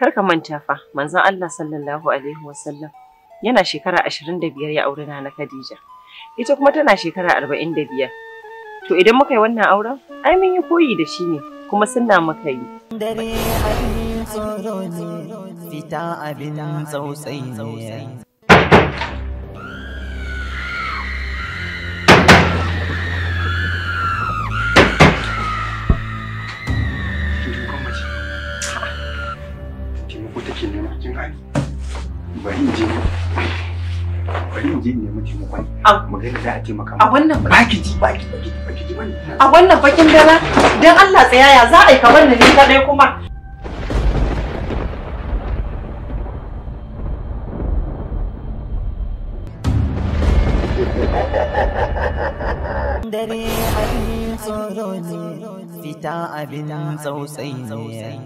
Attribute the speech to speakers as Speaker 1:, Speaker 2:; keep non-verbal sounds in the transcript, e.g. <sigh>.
Speaker 1: Kar ka manta fa, manzon Allah sallallahu alaihi wasallam yana shekara 25 ya aure nana Khadija. Ita kuma tana shekara 45. To idan muka yi wannan auren, ai mun yi koyi da shi ne,
Speaker 2: kuma sunna muka yi. Dare abin
Speaker 3: take nema kin gani bari je magana da a taimaka a wannan baki ji baki baki baki a wannan bakin dala, dan Allah tsayaya za a yi kamar ni kadai kuma
Speaker 2: <laughs> dare abin tsoro ne fita abin tsautsayi ne